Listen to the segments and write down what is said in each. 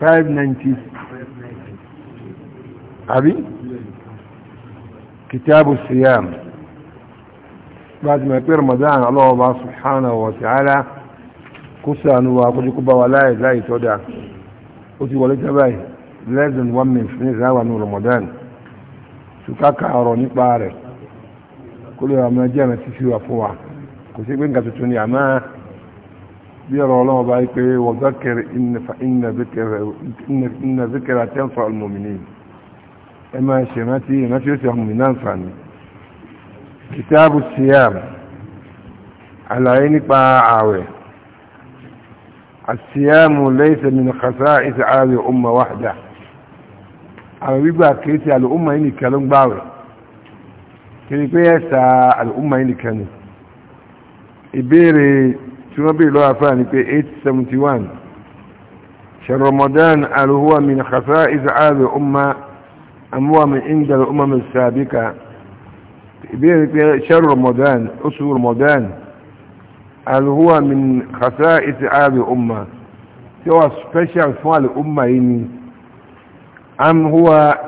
590 àbí kìtàbù siyam bá ti mẹ́ pé ramadan alọ́ọ̀bá subhanahu wa ta'ala kó sànú wa kó jíkú bá wa láì láì tọ́dá ó ti wọlé tẹ́ báyìí less than one minute ní ìsáwà ní ramadan ṣùkákà ọ̀rọ̀ nípa rẹ̀ kó lè wà mọ́ mẹ́ sí sí fún wa kò sí pé nǹkan tuntun ni àmáà بيرى الله بعيك وذكر إن فإن ذكر إن, إن ذكر تنفع المؤمنين إما شماتي ما تيسهم من أنفعني كتاب الصيام على عينك باعاوي الصيام ليس من خصائص عاوي أمة واحدة àwọn gbígbà kìí ti al'umma yìí nìkan ló ń gbà rẹ̀ kìí pé ẹ̀sà شنو بيقولوا عفاني في 871 شهر رمضان قال هو من خصائص هذه الأمة أم هو من عند الأمم السابقة في شهر رمضان أسر رمضان قال هو من خصائص هذه الأمة هو سبيشال فوال الأمة إني أم هو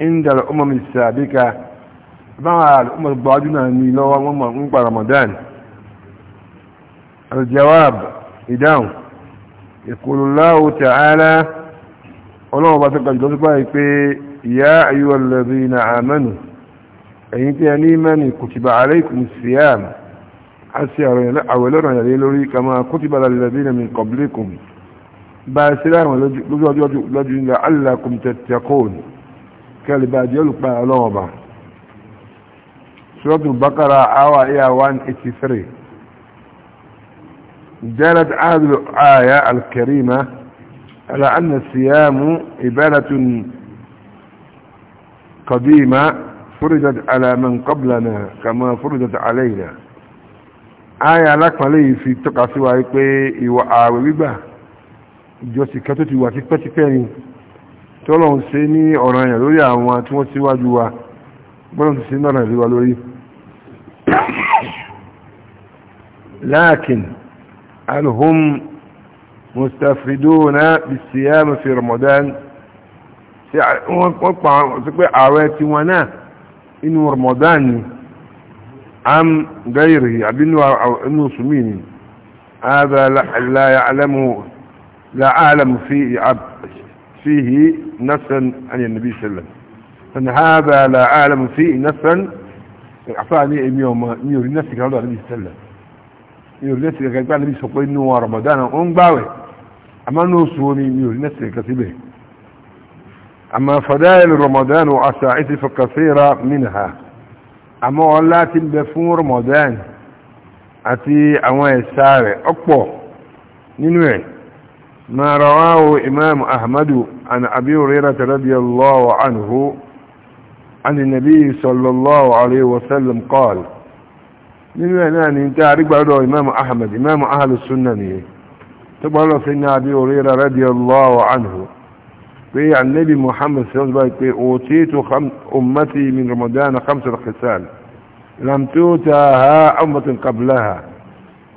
عند الأمم السابقة مع الأمة البعضين أني لو أمم رمضان الجواب إداو يقول الله تعالى الله باتقى الجواب يا أيها الذين آمنوا أنت من كتب عليكم الصيام حسي أولونا لوري كما كتب للذين من قبلكم باسلام لجن لعلكم تتقون كالباد يلقى الله سورة البقرة آوى إيا 183 دالت هذه الآية الكريمة على أن الصيام عبادة قديمة فرضت على من قبلنا كما فرضت علينا آية alákọ̀ọ́lẹ̀ fi tọ́ka sí wa pé ìwà ààwẹ̀ gbígbà ìjọsìn kan tó ti wà tipẹ́tipẹ́ ni tọ́lọ́hun ṣe ní ọ̀ràn àyà lórí àwọn tí wọ́n síwájú wa bọ́lọ́hun ti ṣe ní ọ̀ràn àyà lórí láàkìn هل هم مستفردون بالصيام في رمضان ààrẹ tí wọn náà inú ramadan ni am هذا لا يعلم لا أعلم فيه فيه نفسا عن النبي صلى الله عليه وسلم هذا لا أعلم فيه نفسا أعطاني يوم يوري نفسك هذا النبي صلى الله عليه وسلم mi ò rí nẹ́sì kankan gbá níbi sọ pé inú wa Ramadan ó ń gbáwẹ̀ àmọ́ ní oṣù omi mi ò rí nẹ́sì kankan síbẹ̀ àmọ́ fadail Ramadan wa asa'iti fa kathira àti àwọn ẹ̀sà rẹ̀ ọ̀pọ̀ nínú ẹ̀ ما رواه إمام أحمد عن أبي هريرة رضي الله عنه عن النبي صلى الله عليه وسلم قال nínú ẹ̀ náà ni tá a rí gbàdọ̀ imam ahmed imam ahlus sunna nìyẹn tó gbàdọ̀ sí ní abi orira radiyallahu anhu pé annabi muhammad sallallahu alaihi wasallam pé utitu ummati min ramadan khamsa khisal lam tutaha ummatun qablaha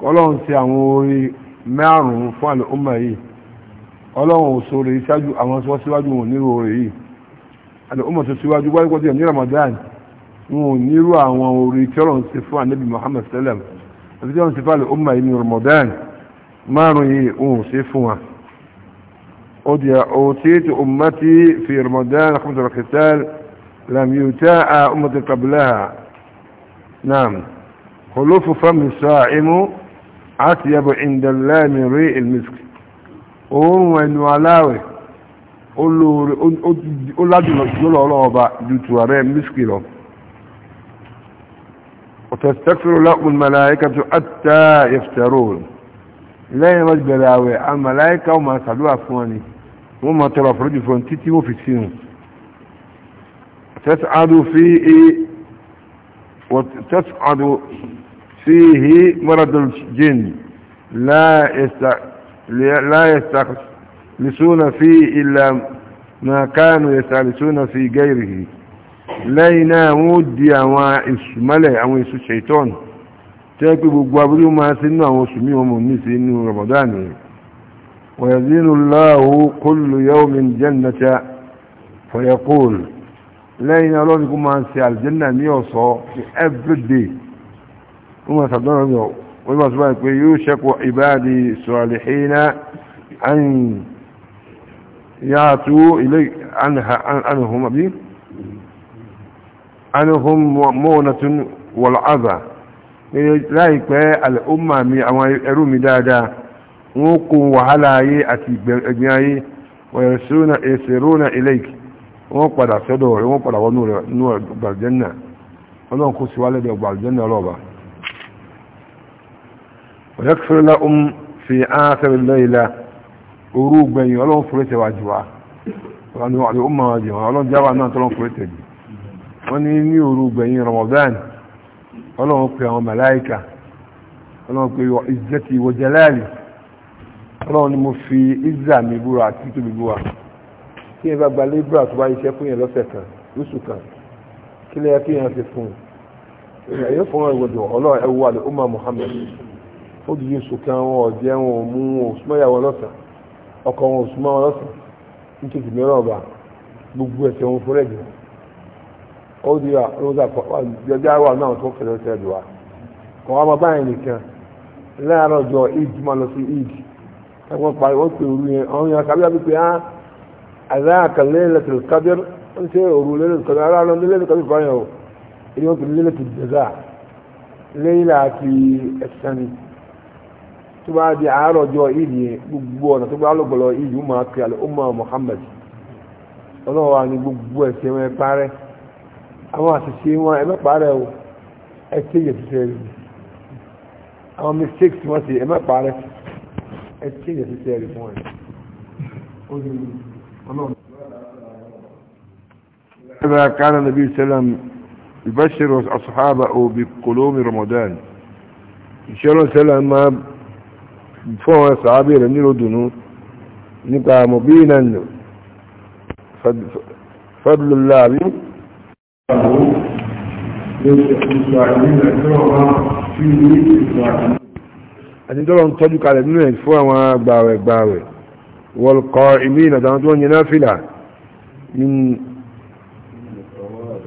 ọlọ́run sí àwọn orí márùn-ún fún àlè ọmọ yìí ọlọ́run ò so rèé ṣáájú àwọn síwájú wọn nírò rèé àlè ọmọ tó síwájú wáyé kọjá ní ramadan wọn ò nírú àwọn orí tí ọlọ́run ṣe fún anabi muhammad sallam àti tí wọ́n ṣe fáàlì umma yìí ní ramadan márùn yìí wọn ò ṣe fún wa ó di utitu ummati fi ramadan khamsa al-qital lam yuta'a ummati qablaha naam khulufu fami sa'imu atyabu inda allahi min ri'il misk òun wà nù aláwẹ̀ ó lóore ó ládùn lọ́lọ́ ọba ju tùwárẹ́ misk lọ وتستكفر لهم الملائكة حتى يفترون لا يمد بلاوي الملائكة وما سعدوا أفواني وما ترى فرج فونتيتي وفي السين تسعد فيه وتسعد فيه مرض الجن لا يستع... لا يستخلصون فيه إلا ما كانوا يستخلصون في غيره lẹ́yìn náà wọ́n di àwọn èṣù mọ́lẹ̀ àwọn èṣù ṣètọ́nù tẹ́ pé gbogbo abúlé máa sí inú àwọn oṣù míwọn mọ̀ ní sí inú Ramadan wàyàzínú láàáhù kúlù yawmin jannata fayaqul lẹ́yìn náà lọ́nà kó máa ṣe yàtú ilé anhùn àbí anihun mọ́ọ̀nàtún wọ̀lọ́ọ̀bà láìpẹ́ al'umma mi àwọn ẹrú mi dáadáa wọ́n kó wàhálà ayé àti ẹgbìn ayé wọ̀yẹ̀sẹ̀rọ́nà ilẹ̀kì wọ́n padà sọ́dọ̀ rẹ̀ wọ́n padà wọnú gbàljanna ọlọ́run kó sí wálẹ̀ gbàljanna ọlọ́ba ويكفر لهم في آخر الليلة أروب بين يولون فريتي واجوا وأنه على أمة واجوا يولون جوا أنه تلون wọ́n ní ní òru gbẹ̀yìn Ramadan ọlọ́run pè àwọn màláìkà ọlọ́run pè yọ izzati wa ni mo fi ìzà mi búra àti tóbi búra kí yẹn bá gba libra tó bá iṣẹ́ fún yẹn kan lóṣù kan kí lẹ́yà kí yẹn fi fún un èyí fún wọn ìwọ̀dọ̀ ọlọ́run ẹ̀wọ́ ọmọ ó wọn ọ̀jẹ́ wọn mú wọn ọkọ wọn òṣùmọ́ wọn lọ́sàn nítorí mìíràn ọba gbogbo ẹ̀sẹ̀ ó di rosa jọjá wà náà tó fẹ̀rẹ̀ tẹ̀ lù wá kọ́ ọmọ báyìí nìkan láàárọ̀ jọ eid máa lọ sí eid ẹ̀wọ̀n pariwo pé òru yẹn ọ̀hún yẹn kábíyá pípé á àdáàkà lẹ́lẹ́tìl kábíyá ń ṣe òru lẹ́lẹ́tìl kábíyá ara lọ lẹ́lẹ́tìl kábíyá báyìí o èyí wọ́n pè ní lẹ́lẹ́tìl jẹ́zà lẹ́yìn àti ẹ̀sán tó bá di àárọ̀ ọjọ́ gbogbo ọ̀nà tó bá lọ́gbọ̀lọ́ ó máa ó máa ni gbogbo أما تسيين واي ما بعرف أتيجي تسيين أما مستيكس ما تسيين ما بعرف أتيجي تسيين واي هذا كان النبي صلى الله عليه وسلم يبشر أصحابه بقلوم رمضان إن شاء الله صلى الله عليه وسلم فهو أصحابه لنيرو دونو نبقى مبينا فضل الله بيبقى àti tọ́lọ̀ ń tọ́jú kalẹ̀ nínú ẹ̀ fún àwọn gbààwẹ̀ gbààwẹ̀ wọ́n kọ́ ìmí ìnàdàn tó ń yẹn náà fìlà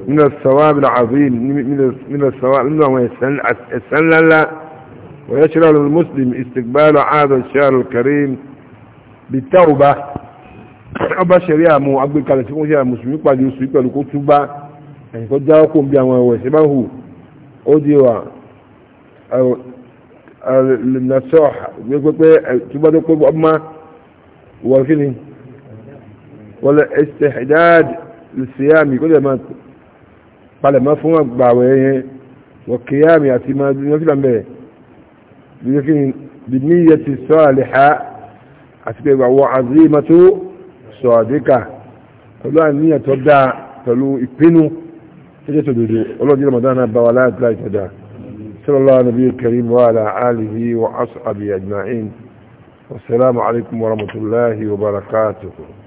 من الثواب العظيم من الثواب منهم يسأل لا ويشرع للمسلم استقبال هذا الشهر الكريم بالتوبة أبا شريعة مو أقبل كالسيكون شريعة مسلمين قد يسوي قد يكون توبة ẹ̀yìn kó jáwọ́ kó bí àwọn ẹ̀wẹ̀ síbá hù ó di wà nasọ́ọ̀ pé túbọ̀ tó pé ọmọ wọ́n kí ni wọlé istihdad siyami kó lè máa palẹ̀ máa fún àgbàwẹ̀ yẹn wọ kíyàmì àti máa dúró sílẹ̀ mẹ́rẹ̀ bí kí ni bí níyẹ ti sọ àlèhà àti pé wọ àzímà tó sọ àdíkà pẹ̀lú àníyàn tó تجد تدودو والله جل مدانا بولاد لا يتدى صلى الله على نبي الكريم وعلى آله وأصحابه أجمعين والسلام عليكم ورحمة الله وبركاته